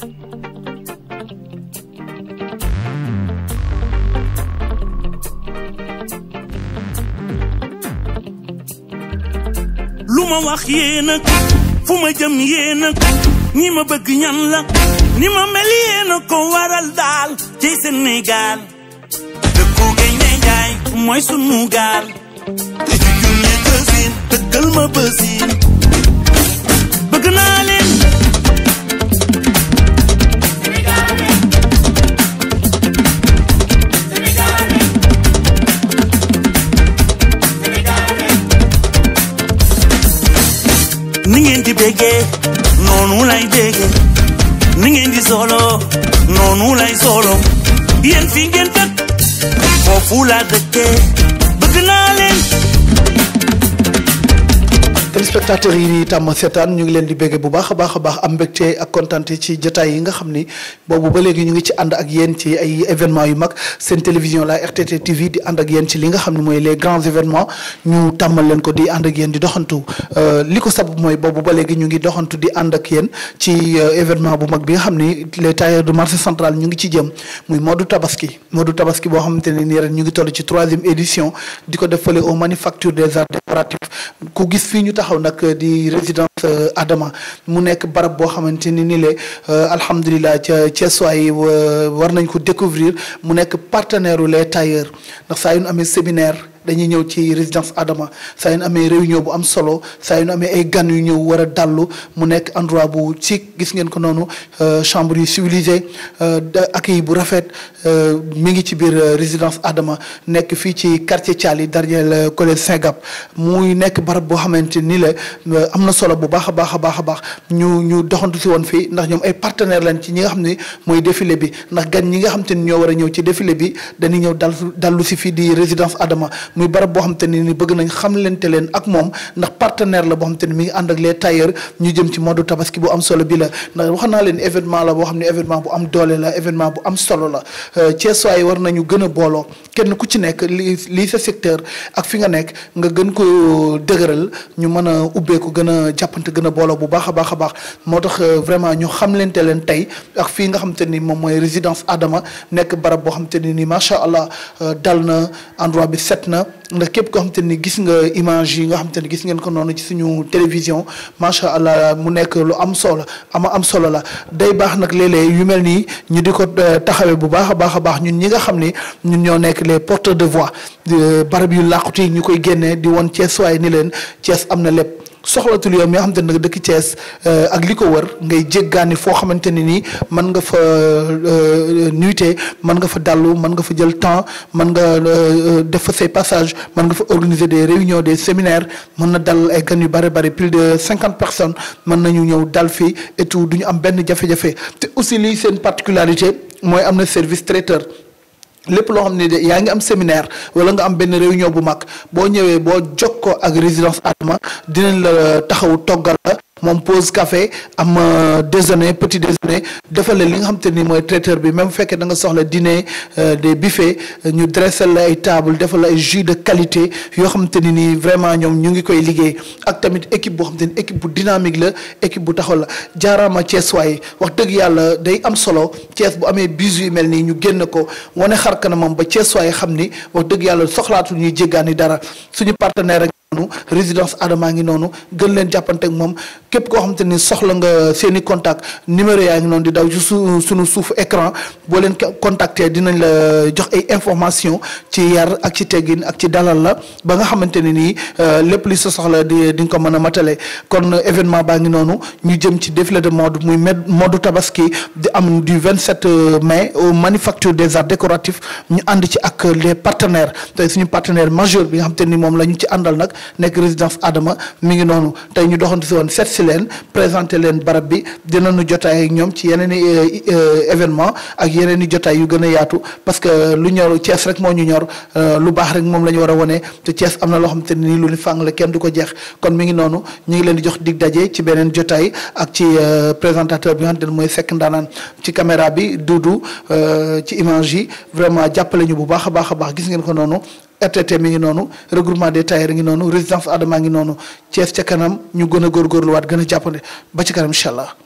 lu ma wax yéen a fu ma jëm yéen a kat ma bëgg ñan la ni ma mel yéen a ko waral daal ci Sénégal dëkku gay ne jaay mooy sunu gaal te ju ñu tëggal ma bësi bëggee noonu lay ni ngeen di solo noonu lay solo yéen fi ngeen dëkk foofu laa dëkkee bëgg téléspectateurs yi ni tàmm seetaan ñu ngi leen di bégge bu baax a baax a baax am mbégte ak kontante ci jotaay yi nga xam ni boobu ba léegi ñu ngi ci ànd ak yéen ci ay événement yu mag seen télévision la RTT TV di ànd ak yéen ci li nga xam ne mooy les grands événements ñu leen ko di ànd yéen di doxantu euh, li ko sabab mooy boobu ba léegi ñu ngi doxantu di ànd yéen ci euh, événement bu mag bi nga xam ni les tailleurs de marché central ñu ngi ci jëm muy Modou Tabaski Modou Tabaski boo xamante ne nii ren ñu ngi toll ci troisième édition di ko def fële au manufacture des arts décoratifs ku gis fii ñu taxaw taxaw di résidence euh, Adama mu nekk barab boo xamante ni ni le euh, alhamdulilah ca Thiessois yi euh, war nañ ko découvrir mu nekk partenaire u les tailleurs ndax saa yu ñu amee séminaire dañuy ñëw ci résidence Adama saa yu ñu amee réunion bu am solo saa yu ñu amee ay gan yu ñëw war a dallu mu nekk endroit bu chic gis ngeen ko noonu euh, chambre yu civilisé euh, accueil bu rafet euh, mi ngi ci biir résidence Adama nekk fii ci quartier Thiali derrière collège Saint-Gap muy nekk barab boo xamante ni la am na solo bu baax a baax a baax a baax ñu ñu doxantu si woon fii ndax ñoom ay partenaire lañ ci ñi nga xam ni mooy défilé bi ndax gan ñi nga xam te ni ñoo war a ñëw ci défilé bi dañuy ñëw dal dallu si fii di résidence Adama muy barab boo xam te nii bëgg nañ xamlante leen ak moom ndax partenaire la boo xam te ne mi ànd ak les tailleurs ñu jëm ci mode tabaski bu am solo bi la ndax wax naa leen événement la boo xam ne événement bu am doole la événement bu am solo la Ceesuwaay euh, yi war nañu gën a booloo kenn ku ci nekk lii lii sa secteur ak fi nga nekk nga gën ko dëgëral ñu mën a ubbeeku gën a jàppante gën a booloo bu baax a baax a baax moo tax euh, vraiment ñu xamlante leen tey ak fii nga xam te ni moom mooy résidence Adama nekk barab boo xam ne ni macha allah euh, dal na endroit bi set na na ndax képp koo xam ni gis nga image yi nga xam te gis ngeen ko noonu ci suñu télévision macha allah mu nekk lu am solo ama am solo la day baax nag léeg yu mel nii ñu di ko euh, taxawee bu baax a baax a baax ñun ñi nga xam ni ñun ñoo nekk les porte de voix euh, barab yu làquti ñu koy génnee di woon Cees waay ni leen Cees am na lépp soxlatul yow mi nga xamante ne nag dëkk Thiès euh, ak li ko wër ngay jéggaani foo xamante ne nii man nga fa euh, nuite mën nga fa dallu mën nga fa jël temps mën nga euh, def fa say passage man nga fa organiser des réunions des séminaires mën na dal ay gan yu bëri bëri plus de cinquante personnes mën nañu ñëw dal fii et duñu am benn jafe-jafe te aussi lii seen particularité mooy am na service traiteur lépp loo xam ne de yaa ngi am seminaire wala nga am benn réunion bu mag boo ñëwee boo jokkoo ak résidence Adama dinañ la taxawu toggal la moom pause café am euh, déjeuner petit déjeuner defal la li nga xam ni mooy traiteur bi même bu fekkee danga soxla dîner euh, des buffets ñu dressé la ay table defal la ay jus de qualité yoo xam ni nii vraiment ñoom ñu ngi koy liggéey ak tamit équipe boo xam te ni équipe bu dynamique la équipe bu taxaw la jaaraama Thiès waaye wax dëgg yàlla day am solo cees bu amee bis yu mel nii ñu génn ko wane xar moom ba Thiès waaye xam ni wax dëgg yàlla soxlaatu ñuy jéggaani dara suñu partenaire noonu résidence Adama ngi noonu gën leen jàppanteeg moom képp koo xamante ni soxla nga seeni i contact numéro yaa ngi noonu di daw su suñu suuf écran boo leen contacter dinañ la jox ay information ci yar ak ci teggin ak ci dalal la ba nga xamante ni nii euh, lépp li sa soxla di di nga ko mën a matale kon événement baa ngi noonu ñu jëm ci défilé de mode muy med mode tabaski di am du 27 euh, mai au manufacture des arts décoratifs ñu ànd ci ak les partenaires tey suñu partenaire majeur bi nga xamante ni moom la ñu ci àndal nag nekk résidence Adama mi ngi noonu tey ñu doxantu si woon seet si leen présenté leen barab bi dinañu jotaay ak ñoom ci yeneen i euh, euh, événement ak yeneen i jotaay yu gën a yaatu parce que lu ñor Thiès rek moo ñu ñor euh, lu baax rek moom la ñu war a wone te Thiès am na loo xam te ni lu ni fàng la kenn du ko jeex kon mi ngi noonu ñu ngi leen di jox dig daje ci beneen jotaay ak ci présentateur bi nga xamante mooy Seck Ndanaan ci caméra bi Doudou ci image yi vraiment jàppale ñu bu baax a baax a baax gis ngeen ko noonu RTT mi ngi noonu de des tailleurs ngi noonu résidence Adama ngi noonu Thiès ca kanam ñu gën a góorgóorluwaat gën a jàppande ba ci kanam incha allah.